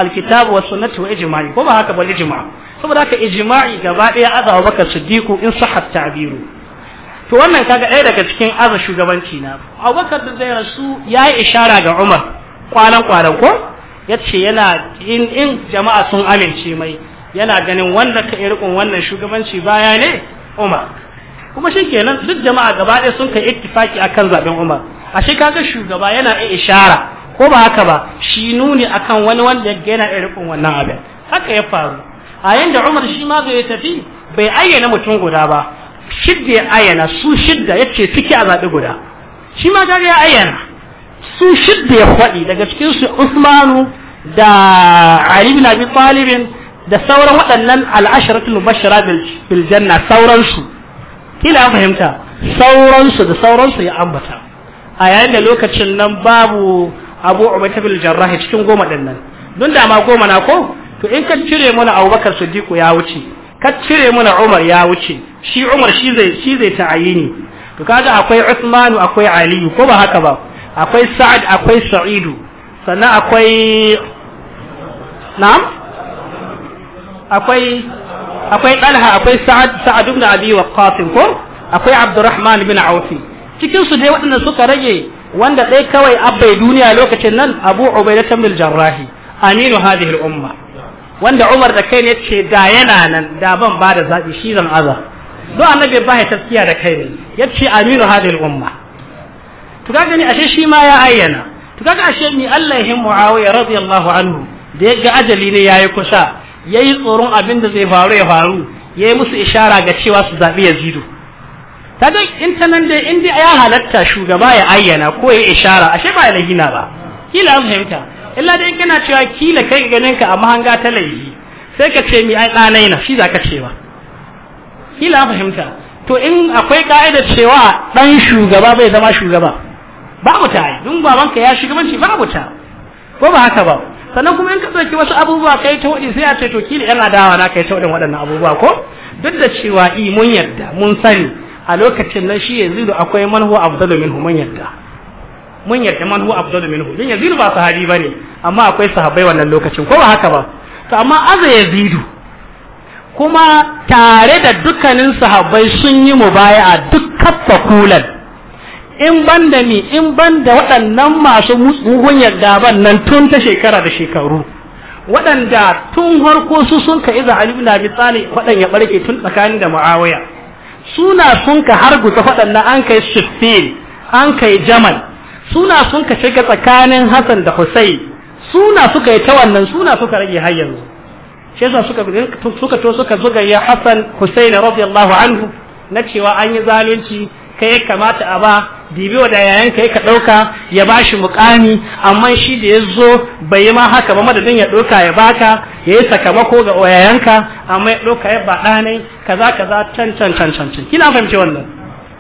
alkitab wa sunnati wa ijma'i ko ba haka ba ijma' saboda haka ijma'i gaba daya azawa baka siddiqu in sahhat ta'biru to wannan kaga ɗaya daga cikin aza shugabanci na abubakar da zai rasu ya yi ishara ga umar kwanan kwanan ko ya ce yana in jama'a sun amince mai yana ganin wanda ka irkun wannan shugabanci baya ne umar kuma shikenan duk jama'a gaba ɗaya sun kai ittifaki akan zaben Umar ashe kaga shugaba yana iya ishara ko ba haka ba shi nuni akan wani wanda ya yana iya rikon wannan abin haka ya faru a yanda Umar shi ma zai tafi bai ayyana mutum guda ba shidda ya ayyana su shidda yace ciki a zaɓi guda shi ma gari ya ayyana su shidda ya faɗi daga cikin su Usmanu da Ali bin Abi da sauran waɗannan al-asharatul mubashshara bil janna sauransu kila an fahimta sauransu da sauransu ya ambata a yayin da lokacin nan babu abu ubaita bil jarrah cikin goma din nan don da ma goma na ko to in ka cire mana abubakar Sadiku ya wuce ka cire mana umar ya wuce shi umar shi zai shi zai ayini to kaga akwai usmanu akwai ali ko ba haka ba akwai sa'ad akwai sa'idu sannan akwai na'am akwai akwai Talha akwai Sa'ad Sa'ad ibn Abi Waqqas ko akwai Abdurrahman ibn Auf cikin su dai waɗanda suka rage wanda dai kawai abbai duniya lokacin nan Abu Ubaidah ibn al-Jarrah aminu hadhihi al-umma wanda Umar da kai ne ce da yana nan da ban ba da zabi shi zan aza do annabi ba ya taskiya da kai ne yace aminu hadhihi al-umma to kaga ni ashe shi ma ya ayyana to kaga ashe ni Allah ya Muawiya radiyallahu anhu da yaga ajali ne yayi kusa yayi tsoron abin da zai faru ya faru ya yi musu ishara ga cewa su zaɓi ya zido. Ta kaga in ta nan dai in dai ya halatta shugaba ya ayyana ko ya ishara ashe ba lahina ba kila an fahimta illa dai kana cewa kila kai ganin ka a mahanga ta laifi sai ka ce mi ai ɗanai na shi za ka ce ba kila an fahimta to in akwai ka'ida cewa ɗan shugaba bai zama shugaba babu ta yi dun babanka ya shugabanci babu ta ko ba haka ba sannan kuma in ka ɗauki wasu abubuwa kai ta waɗi sai a ce to kila yan adawa na kai ta waɗin waɗannan abubuwa ko duk da cewa i mun yarda mun sani a lokacin nan shi yanzu akwai man huwa afdalu minhu mun yarda mun yarda man huwa afdalu minhu din yanzu ba sahabi bane amma akwai sahabbai wannan lokacin ko ba haka ba to amma aza yazidu kuma tare da dukkanin sahabbai sun yi mubaya'a duk kaffa kulan in ban da ni in ban da waɗannan masu mugun yadda ban nan tun ta shekara da shekaru waɗanda tun harko su sun ka iza Ali na Abi waɗanda waɗan ya barke tun tsakanin da ma'awaya suna sun ka harguta waɗannan an kai shifin an kai Jamal suna sun ka shiga tsakanin Hassan da Hussein suna suka yi ta wannan suna suka rage har yanzu shi yasa suka suka to suka zuga ya Hassan anhu na cewa an yi zalunci kai ya kamata a ba dibi wa da yayan kai ka ɗauka ya bashi mukami amma shi da ya zo bai yi ma haka ba madadin ya ɗauka ya baka ya yi sakamako ga yayanka amma ya ɗauka ya ba ɗanai kaza kaza can can can can kina fahimci wannan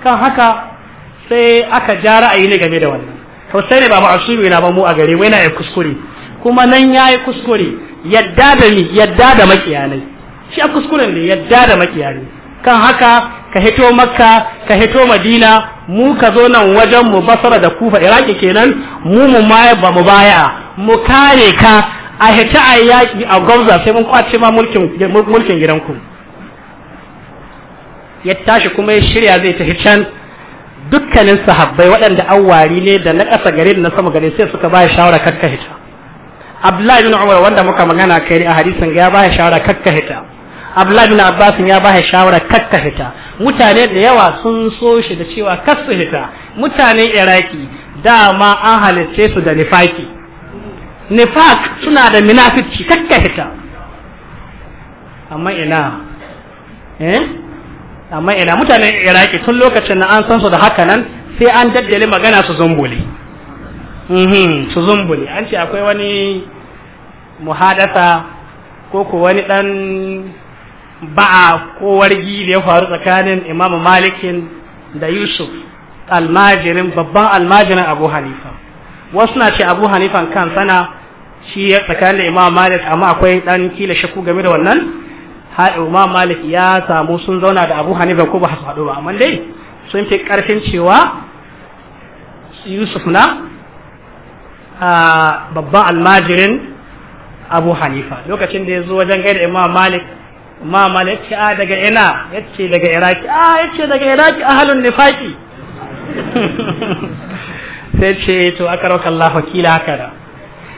kan haka sai aka ja ra'ayi ne game da wannan to sai ne ba ba ina ba mu a gare wai na ya kuskure kuma nan ya yi kuskure yadda da ni yadda da makiyalai shi a kuskuren ne yadda da makiyalai kan haka ka hito makka ka hito madina mu ka zo nan wajen mu basara da kufa iraki kenan mu mu ma ba mu baya mu kare ka a hita a yaki a gwamza sai mun kwace ma mulkin gidanku ya tashi kuma ya shirya zai ta can dukkanin sahabbai waɗanda wari ne da na ƙasa gare da na sama gare sai suka ba shawara kakka hita Abdullahi bin Umar wanda muka magana kai ne a hadisin ya bayar shawara kakka hita abdullahi bin abbas ya ba shawara kakka fita mutane da yawa sun so shi da cewa kasu fita mutanen iraki dama an halitta su da nifaki nifak suna da munafici kakka fita amma ina eh amma ina mutanen iraki tun lokacin da an san su da haka nan sai an daddale magana su zumbuli mhm su zumbuli an ce akwai wani muhadasa ko ko wani dan ba a kowargi da ya faru tsakanin imamu malikin da yusuf almajirin babban almajirin abu hanifa wasu na ce abu hanifan kan sana shi ya tsakanin da imamu malik amma akwai dan kila shaku game da wannan har imamu malik ya samu sun zauna da abu hanifa ko ba su haɗu ba amma dai sun fi ƙarfin cewa yusuf na babban almajirin abu hanifa lokacin da ya zo wajen gaida imam malik Mamal ya ce a ah, daga ina ya ce daga iraki a ah, ya ce daga iraki a ahlun nifaqi sai ce to aka akaraka Allah wakila haka da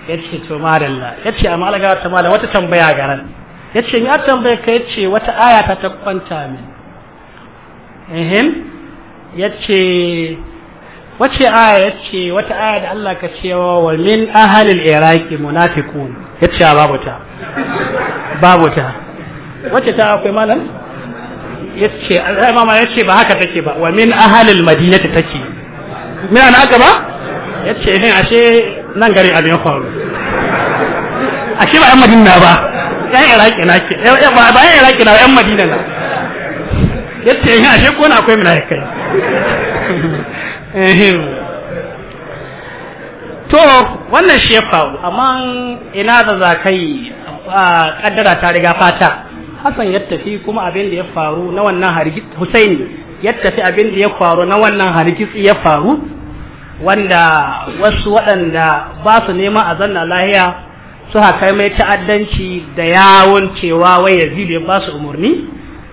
ya ce to madalla ce amma alaga ta mala wata tambaya garan ya ce a tambaya ka ya ce wata aya ta ta kwanta min ehem yace wace aya ce wata aya da Allah ka ce wa min ahlil iraqi munafiqun yace ah, babu ta babu ta wacce ta akwai malam yace mama yace ba haka take ba wa min ahalil madinati take me ana haka ba yace hin eh, ashe nan gari abin faru ashe ba yan madina ba yan iraki na ke ba yan iraki na yan madina na yace hin eh, ashe ko na akwai mai kai eh, to wannan shefa amma ina da zakai ah, kaddara ta riga fata Hassan ya tafi kuma abin da ya faru na wannan hargitsi Husaini ya tafi abin da ya faru na wannan hargitsi ya faru wanda wasu waɗanda ba su neman a zanna lahiya su haka mai ta'addanci da yawon cewa wai ya zibe ba su umarni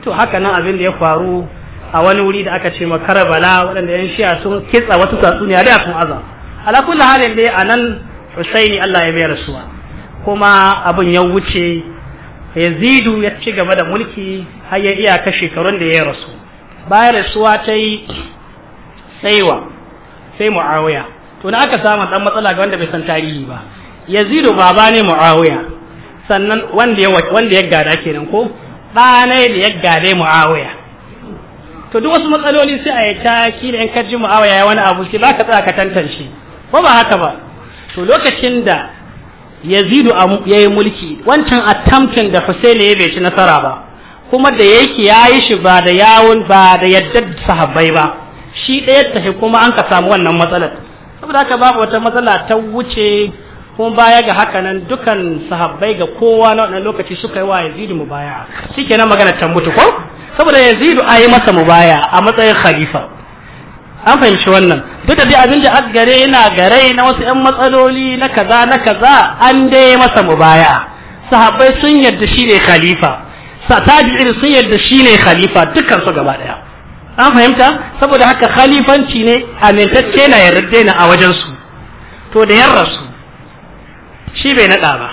to haka nan abin da ya faru a wani wuri da aka ce makarabala waɗanda yan shiya sun kitsa wasu tatsuniya da sun aza ala kulli halin dai nan Husaini Allah ya mai rasuwa kuma abin ya wuce yazidu ya ci gaba da mulki har ya iyaka shekarun da ya rasu bayan rasuwa ta yi saiwa sai mu'awiya to na aka samu dan matsala ga wanda bai san tarihi ba yazidu baba ne mu'awiya sannan wanda ya wanda ya gada kenan ko Ba ne da ya gade mu'awiya to duk wasu matsaloli sai a yi ta da in ka ji mu'awiya ya wani abu sai ba ka tsaka ka tantance ko ba haka ba to lokacin da yazidu ya yi mulki wancan attempting da Hussein ya bai ci nasara ba kuma da yake ya yi shi ba da yawon ba da yadda sahabbai ba shi ɗaya ta kuma an ka samu wannan matsalar saboda haka babu wata matsala ta wuce kuma baya ga haka nan dukan sahabbai ga kowa na wannan lokaci suka yi wa yazidu mu baya shikenan magana ta mutu ko saboda yazidu a yi masa mu a matsayin khalifa an fahimci wannan duk da dai abin da aka gare yana gare na wasu yan matsaloli na kaza na kaza an dai masa mubaya sahabbai sun yarda shine khalifa tabi'in sun yarda shine khalifa dukkan su gaba daya an fahimta saboda haka khalifanci ne amintacce na yarda na a wajen su to da yarra shi bai nada ba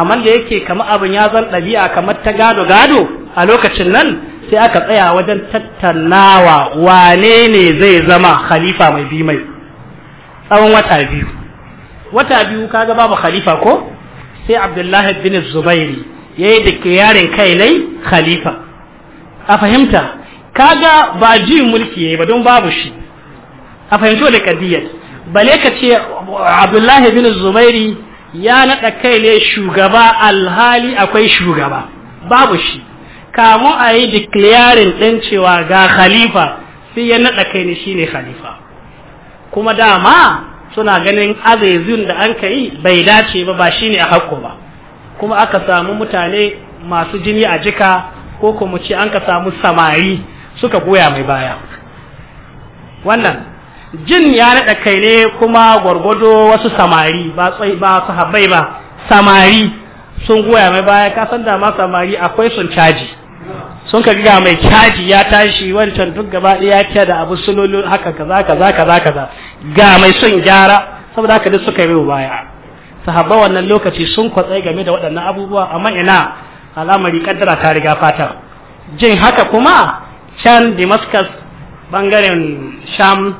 amma da yake kamar abin ya zan ɗabi'a kamar ta gado gado a lokacin nan sai aka tsaya wajen tattaunawa wane ne zai zama khalifa mai bi mai tsawon wata biyu wata biyu kaga babu khalifa ko sai abdullahi bin zubairi ya yi dikiyarin kai nai khalifa a fahimta kaga ba ji mulki ya yi ba don babu shi a fahimto da kadiyar bale ka ce abdullahi bin zubairi ya naɗa kai ne shugaba alhali akwai shugaba babu shi Kamu a yi declaring ɗin cewa ga khalifa sai ya naɗa kai ne khalifa kuma dama suna ganin azizun da an ka yi bai dace ba ba shine a hakko ba kuma aka samu mutane masu jini a jika ko kuma ce an ka samu samari suka goya mai baya wannan jin ya naɗa kai ne kuma gwargwado wasu samari ba tsai ba su habai ba samari sun goya mai baya kasan da ma samari akwai sun caji sun ka ga mai caji ya tashi wancan duk gaba ɗaya ce da abu sululu haka kaza kaza kaza kaza ga mai sun gyara saboda haka duk suka yi baya sahabba wannan lokaci sun kwatsai game da waɗannan abubuwa amma ina al'amari kaddara ta riga fata jin haka kuma can Damascus bangaren Sham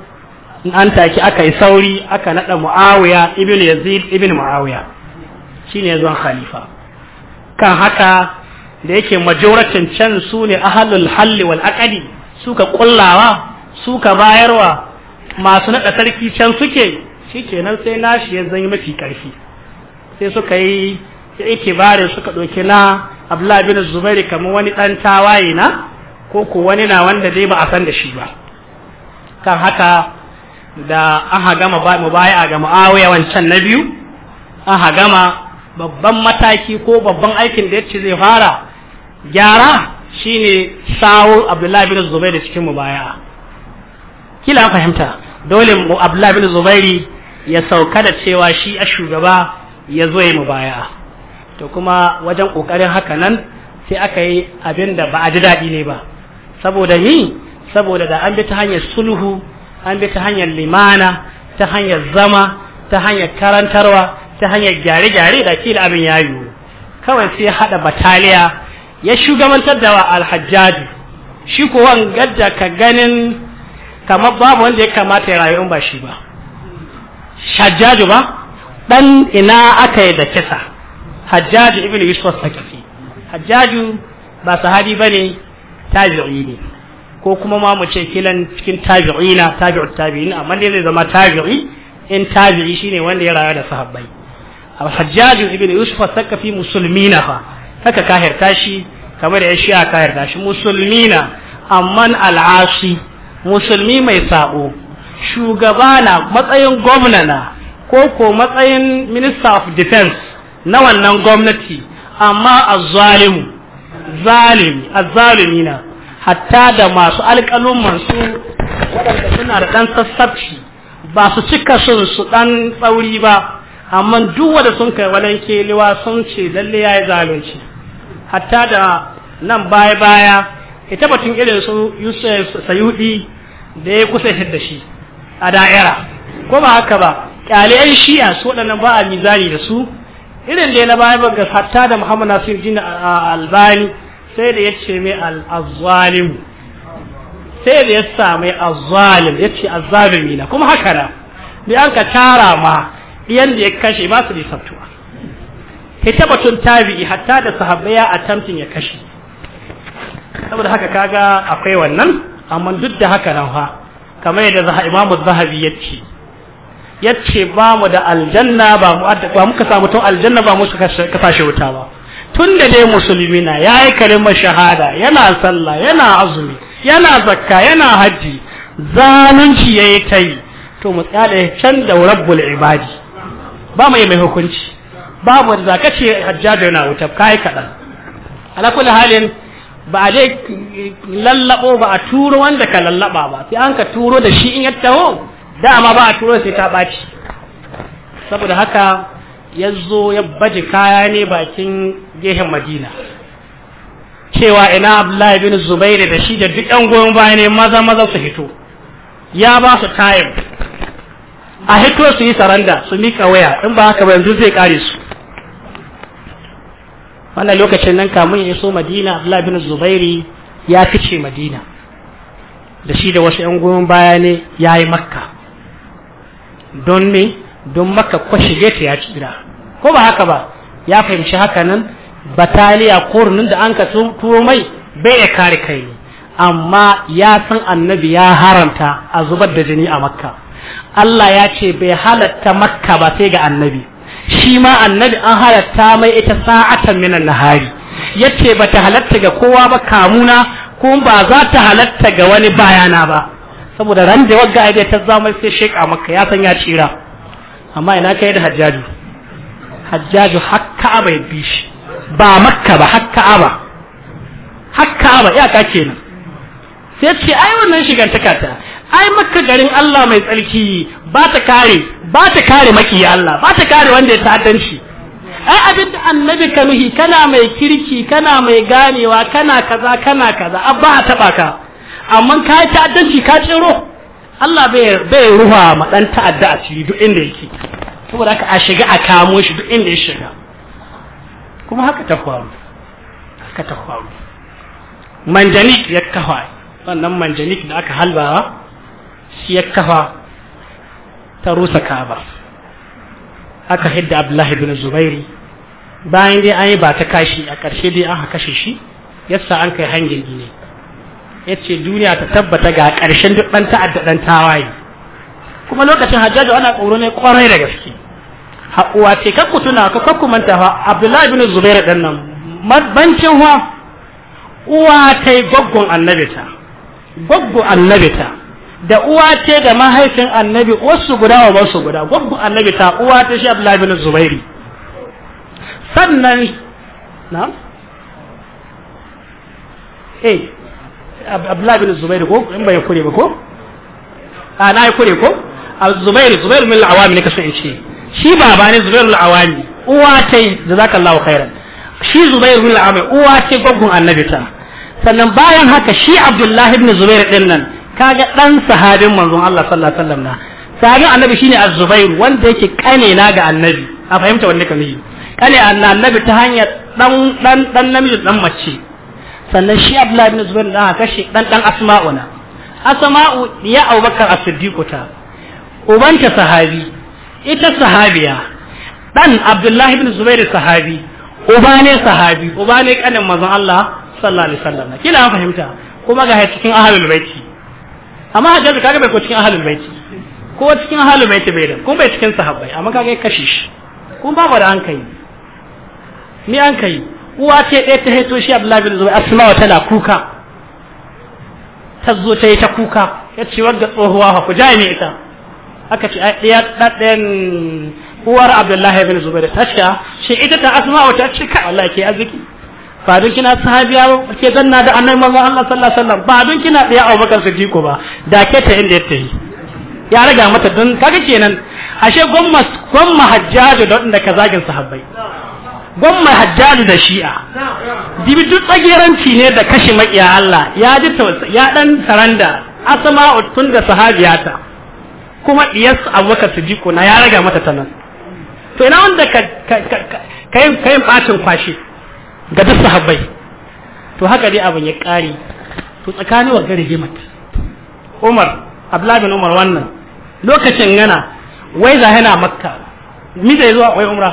an take aka yi sauri aka naɗa Muawiya ibn Yazid ibn Muawiya shine yazon khalifa kan haka da yake majoratin can su ne ahalul halli wal aqadi suka kullawa suka bayarwa masu naɗa sarki can suke shikenan sai nashi ya zanyi mafi karfi sai suka yi bare suka ɗauki na Abdullahi bin Zubairu kamar wani ɗan tawaye na ko ko wani na wanda dai ba a san da shi ba kan haka da an aka gama baya ga Muawiya wancan na biyu aka gama babban mataki ko babban aikin da yace zai fara gyara shine sawo abdullahi bin zubairi cikin mubaya kila fahimta dole mu abdullahi bin zubairi ya sauka da cewa shi a shugaba ya zo ya mubaya to kuma wajen kokarin haka nan sai aka yi abin da ba a ji daɗi ne ba saboda ni saboda da an bi ta hanyar sulhu an bi ta hanyar limana ta hanyar zama ta hanyar karantarwa ta hanyar gyare-gyare da kila abin ya kawai sai haɗa bataliya ya shugabantar da alhajjaji shi ko gadda ka ganin kamar babu wanda ya kamata ya rayu ba shi ba shajjaju ba dan ina aka yi da kisa hajjaju ibn yusuf sakifi hajjaju ba sahabi bane tabi'i ne ko kuma ma mu ce kilan cikin na tabi'u tabi'in amma dai zai zama tabi'i in tabi'i shine wanda ya rayu da sahabbai hajjaju ibn yusuf sakifi musulmina fa haka kahirta shi kamar da a kahirta shi musulmi na amman al'asi musulmi mai sa'o shugaba na matsayin gwamna na ko ko matsayin minister of defense na wannan gwamnati amma a zalimi zalimi na hatta da masu alƙalin masu waɗanda suna da ɗan sassabci ba su cika sun su ɗan tsauri ba amma duk wanda sun kai walan keliwa sun ce lalle ya yi zalunci hatta da nan baya baya ita batun irin su Yusuf Sayudi da ya kusa da shi a da'ira ko ba haka ba kyalai shi'a su waɗannan ba a mizani da su irin da na baya ba hatta da Muhammad Nasir Jin Albani sai da ya mai al-azzalim sai da ya mai azzalim ya ce na kuma haka na da an ka tara ma ɗiyan da ya kashe ba su da sabtuwa ita batun tabi'i hatta da sahabbai a tamtin ya kashi saboda haka kaga akwai wannan amma duk da haka nan fa kamar yadda zaha imamu zahabi ya ce ba mu da aljanna ba mu ba muka samu tun aljanna ba mu ka kasashe wuta ba tun da dai musulmi na yayi yi kalimar shahada yana sallah yana azumi yana zakka yana hajji zalunci ya yi to mu tsada can da rabbul ibadi ba mai mai hukunci babu wanda zaka ce hajjajo na wuta kai kaɗan ala kulli halin ba a dai lallabo ba a turo wanda ka lallaba ba sai an ka turo da shi in ya taho dama ba a turo sai ta ɓaci saboda haka ya zo ya baje kaya ne bakin gehen madina cewa ina abdullahi bin zubair da shi da duk yan goyon baya ne maza maza su hito ya ba su time a hito su yi saranda su mika waya in ba haka ba yanzu zai kare su wannan lokacin nan kamun ya iso madina abdullahi bin zubairi ya fice madina da shi da wasu 'yan goma baya ne ya yi makka don ne don makka ko shige ta ya tsira ko ba haka ba ya fahimci haka nan bataliya korinin da an ka tuwo mai bai ya kare kai ne amma ya san annabi ya haranta a zubar da jini a makka Allah ya ce bai halatta makka ba sai ga annabi shi ma annabi an halatta mai ita sa'atan minan nahari yace bata halatta ga kowa ba kamuna ko ba za ta halatta ga wani bayana ba saboda ran da wagga ai ta zama sai sheka Amaka ya san ya tsira amma ina kai da Hajjaju Hajjaju hakka aba ya bi shi ba Makka ba hakka aba hakka aba iyaka kenan sai ce ai wannan shigan takata ai maka garin Allah mai tsarki ba ta kare ba ta kare makiya Allah ba ta kare wanda ya ta'addanci ai abin da annabi ka nuhi kana mai kirki kana mai ganewa kana kaza kana kaza abba a taba ka amma ka yi ta'addanci ka tsiro Allah bai bai ruha ma dan ta'adda a ciki duk inda yake saboda haka a shiga a kamo shi duk inda ya shiga kuma haka ta faru haka ta faru manjanik ya kafa wannan manjanik da aka halbawa shi kafa ta rusa kaba aka hidda abdullahi bin zubairi bayan dai an yi ba ta kashi a ƙarshe dai an kashe shi yasa an kai hangin ne ya ce duniya ta tabbata ga ƙarshen duk ɗan ta'adda ɗan tawaye kuma lokacin hajjaji ana tsoro ne ƙwarai da gaske haƙuwa ce kakku tuna ka kakku manta fa abdullahi bin zubairi ɗan nan bancin fa uwa ta yi gwaggon annabita gwaggon annabita da uwa ce da mahaifin annabi wasu guda wa wasu guda gwaggun annabi ta uwa ta shi abdullahi bin zubairi sannan na eh abdullahi bin zubairi ko in bai kure ba ko a na yi kure ko zubairi zubairi min al-awami ne in ce shi baba ne zubairi al-awami uwa ta jazakallahu khairan shi zubairi min al-awami uwa ce gwabban annabi ta sannan bayan haka shi abdullahi bin zubairi din nan kaga dan sahabin manzon Allah sallallahu alaihi wasallam na sahabin annabi shine az-zubair wanda yake kane na ga annabi a fahimta wanda kamihi kane annabi ta hanyar dan dan dan namiji dan mace sannan shi abdullahi ibn zubair da kashi dan dan asma'u na asma'u ya abubakar as-siddiq ta ubanta sahabi ita sahabiya dan abdullahi ibn zubair sahabi uba ne sahabi uba ne kanin manzon Allah sallallahu alaihi wasallam kila fahimta kuma ga cikin ahlul baiti amma hajjaji kaga bai ko cikin ahlul baiti ko cikin ahlul baiti bai da ko bai cikin sahabbai amma kaga ya kashe shi kuma ba ba da an kai ni an kai uwa ce ɗaya ta haito shi Abdullahi bin Zubair Asma'u tana kuka ta zo ta yi ta kuka ya ce wagga tsohuwa ha ku jaye ni ita aka ce ɗaya ɗaɗɗen uwar Abdullahi bin Zubair ta ce ah, shi ita ta Asma'u ta ce ka Allah ke arziki ba don kina sahabiya ke zanna da annabi manzon Allah sallallahu alaihi wasallam ba don kina tsaya bakar Siddiq ba da ke ta inda yake yi ya raga mata don kaga kenan ashe gwamma gwamma hajjaju da wanda ka zagin sahabbai gwamma hajjaju da shi'a dibi duk tsagiranci ne da kashi makiya Allah ya ji ya dan saranda asma tun da sahabiya ta kuma iyas Abubakar Siddiq na ya raga mata tanan to ina wanda ka kai kai bacin kwashi ga duk sahabbai to haka dai abin ya kare to tsakanin wa mata Umar Abdullah bin Umar wannan lokacin yana wai za yana Makka mi zai zuwa wai Umra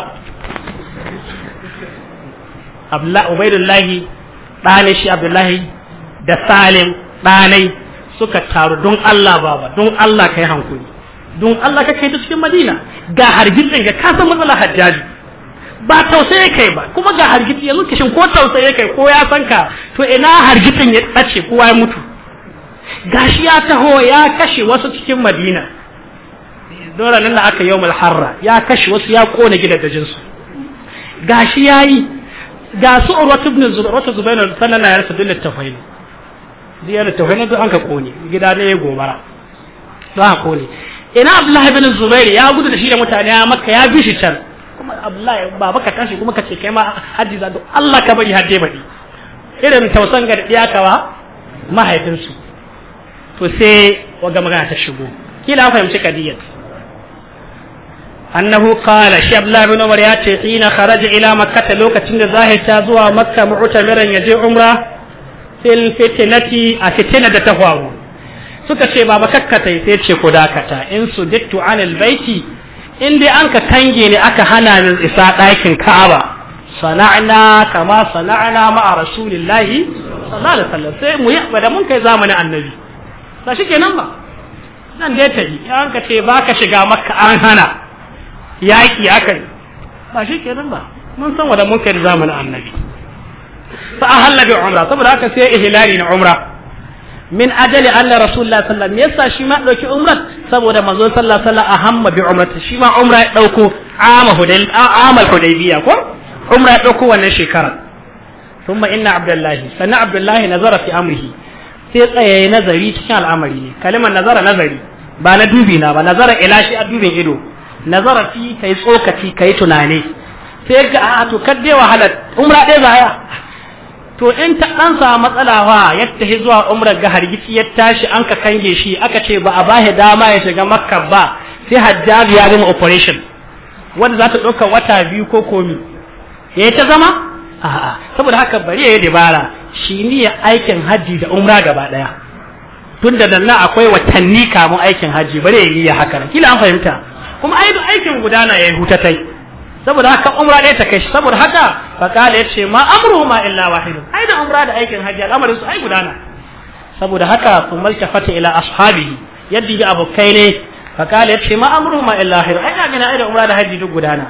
Abdullah ɗane shi Abdullah da Salim ɗanai suka taru don Allah baba don Allah kai hankuri don Allah ka kai ta cikin Madina ga hargitsin ga kasan matsala hajjaji ba tausaye kai ba kuma ga hargitsi yanzu kishin ko tausaye kai ko ya san ka to ina hargitsin ya tsace kowa ya mutu gashi ya taho ya kashe wasu cikin madina dora nan da aka yau malharra ya kashe wasu ya kona gidajen su gashi yi ga su urwatu ibn Zubairu zubairu sanan na yarsa dole tafaili diyar tafaili da an ka kone gida ne ya gobara za ka kone ina abdullahi ibn Zubairu ya gudu da shi da mutane a makka ya bi shi can kuma abdullahi kuma kace kai ma hajji za Allah ka bari hajje bari irin tausan ga iyakawa mahaifinsu to sai waga magana ta shigo kila fahimci kadiyar annahu qala shi abdullahi bin umar ya ce ina kharaja ila makkah lokacin da zahir ta zuwa makka mu'tamiran ya je umra fil fitnati a fitina da ta suka ce baba kakkatai sai ce ku dakata in su dittu anil baiti in dai an ka kange ne aka hana min isa ɗakin ka'aba sana'na kama sana'na ma'a rasulillahi sallallahu alaihi wasallam sai mu yaba da mun kai zamanin annabi ba shi kenan ba Nan dai ta yi an ka ce ba ka shiga makka an hana yaƙi aka yi ba shi kenan ba mun san wa da mun kai zamanin annabi fa ahalla bi umra saboda haka sai ihlali na umra min ajali Allah Rasulullah sallallahu alaihi wasallam yasa shi ma dauki umrat saboda manzo sallallahu alaihi wasallam ahamma bi umrati shi ma umra ya dauko ama hudayl amal hudaybiya ko umra ya dauko wannan shekara thumma inna abdullahi sanna abdullahi nazara fi amrihi sai tsaye nazari cikin al'amari ne kalimar nazara nazari ba na dubi na ba nazara ila shi a dubin ido nazara fi kai tsokaci kai tunani sai ga a to kadde wahala umra dai zaya to in ta dan samu matsala wa ya tahi zuwa umrar ga hargitsi ya tashi an ka kange shi aka ce ba a ba dama ya shiga makka ba sai hajjaj ya gama operation wanda za ta ɗauka wata biyu ko komi ya ta zama a'a saboda haka bari ya yi dabara shi ne aikin hajji da umra gaba daya tun da nan akwai watanni kamun aikin hajji bari ya yi ya haka kila an fahimta kuma aikin gudana ya yi hutatai saboda haka umra ɗaya ta kai saboda haka فقال يتشي ما أمرهما إلا واحد هيدا أمرا دا أيكن هجي الأمر يسو أي قدانا سبو ده هكا ثم التفت إلى أصحابه يدي أبو كيني فقال يتشي ما أمرهما إلا واحد هيدا قنا هيدا أمرا دا هجي دو قدانا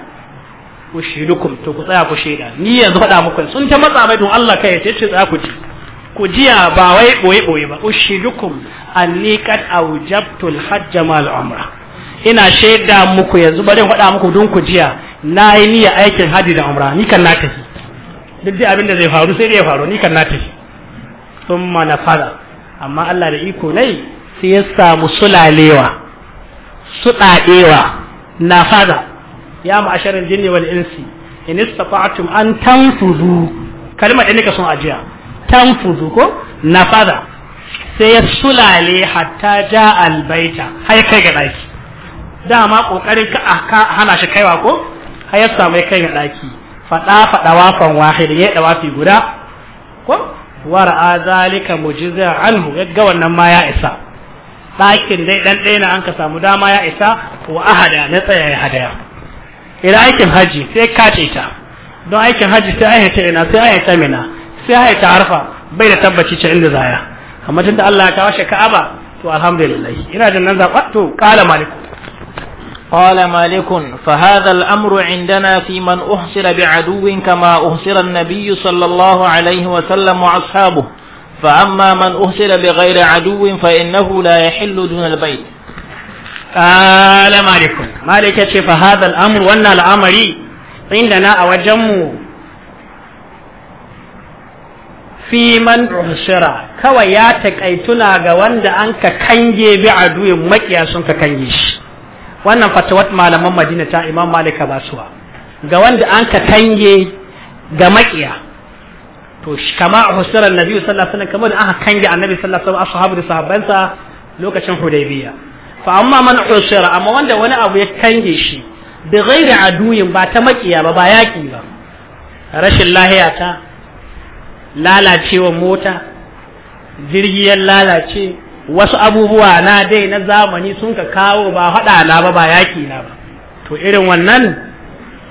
ushidukum to ku tsaya ku shaida ni yanzu faɗa muku sun ta matsa mai don Allah kai ce ce tsaya ku ji ku jiya ba wai boye boye ba ushidukum anni qad awjabtu al-hajj mal umrah ina shaida muku yanzu bari in faɗa muku don ku jiya na yi niyya aikin hadi da umra ni kan na tafi duk dai abin da zai faru sai dai ya faru ni kan na tafi thumma na fara amma Allah da iko nai sai ya samu sulalewa sudadewa na fara ya asharin jinni wal insi in istata'tum an tanfuzu kalmar da nika son ajiya tanfuzu ko na fara sai ya sulale hatta ja baita har kai ga daki dama kokarin ka hana shi kaiwa ko har ya samu kai ga daki fada fada wafan wahid ya da wafi guda ko wara zalika mujiza anhu yagga wannan ma ya isa dakin dai dan dai na an ka samu dama ya isa wa ahada na tsaya ya hadaya ina aikin haji sai ka ce ta don aikin haji sai ta ina sai ta mina sai ta harfa bai da tabbaci ce inda zaya amma tunda Allah ya kawo shi Ka'aba to alhamdulillah ina da nan zaɓa to kala maliku قال مالك فهذا الأمر عندنا في من أحصر بعدو كما أحصر النبي صلى الله عليه وسلم وأصحابه فأما من أحصر بغير عدو فإنه لا يحل دون البيت قال مالك مالك فهذا الأمر وأن الأمر عندنا أوجم في من uhsira كوياتك أي تناغ ga أنك كنجي بعدو مكياس bi aduyin wannan fatawat malaman madina ta imam malika ba suwa ga wanda an ka tange ga makiya to kama a husirar nabi sallallahu alaihi wasallam kamar da aka kange annabi sallallahu alaihi wasallam ashabu da sahabbansa lokacin hudaybiya fa amma man usira amma wanda wani abu ya kange shi bi ghairi aduyin ba ta makiya ba ba yaki ba rashin lahiya ta lalacewa mota jirgi lalace wasu abubuwa na dai na zamani sun ka kawo ba haɗa na ba ba yaƙi na ba to irin wannan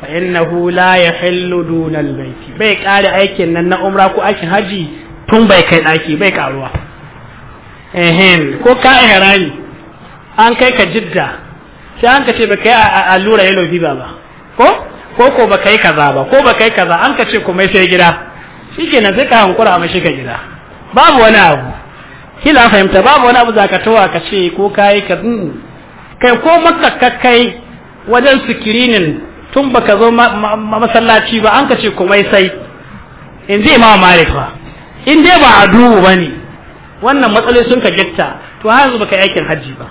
fa innahu la yahillu dunal baiti bai kare aikin nan na umra ko aikin haji tun bai kai daki bai karuwa ehem ko ka ihrami an kai ka jidda sai an ka ce baka yi allura yellow fever ba ko ko ko baka yi kaza ba ko baka yi kaza an ka ce kuma sai gida shikenan sai ka hankura amma shi ka gida babu wani abu kila fahimta babu wani abu zakatawa ka ce ko kayi ka kai ko makka kai wajen sikirinin tun baka zo masallaci ba an ka ce komai sai in ji ma malik ba in dai ba aduwu ba ne wannan matsaloli sun ka gitta to har yanzu kai aikin hajji ba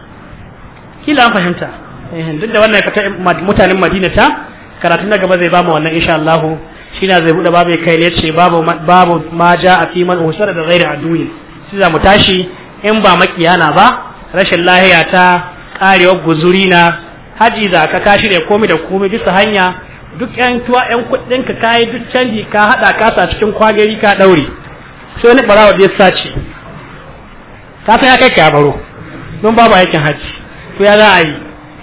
kila an fahimta eh, duk da wannan fata mutanen madina ta karatu na gaba zai ba mu wannan insha Allah shi na zai bude babu kai ne ce babu babu ma ja a fi man usara da ghairi duniya. sai za mu tashi in ba makiyana ba rashin lahiya ta karewar guzuri na haji za ka tashi shirya komi da komi bisa hanya duk yan tuwa yan kuɗin ka kayi duk canji ka haɗa kasa cikin kwagari ka ɗaure sai wani barawa da ya sace ka san ya kai ka baro don babu aikin haji to ya za a yi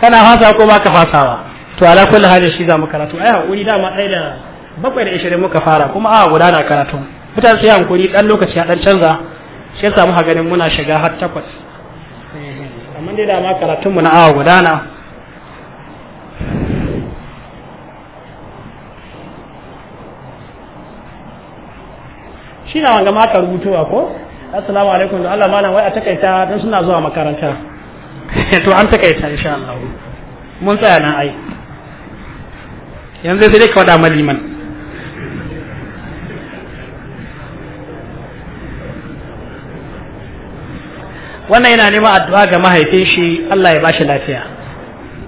kana fasa ko ba ka fasawa to ala kullu halin shi za mu karatu ai hakuri dama ɗaya da bakwai da ishirin muka fara kuma a guda na karatu mutane sai hankuri dan lokaci a dan canza shi yasa muka ganin muna shiga har takwas amma dai da ma karatun mu na awa gudana shi na wanga maka rubutuwa ko assalamu alaikum da Allah malam wai a takaita dan suna zuwa makaranta to an takaita insha Allah mun tsaya na ai yanzu sai dai ka wada maliman wannan yana neman addu'a ga mahaifin shi Allah ya bashi lafiya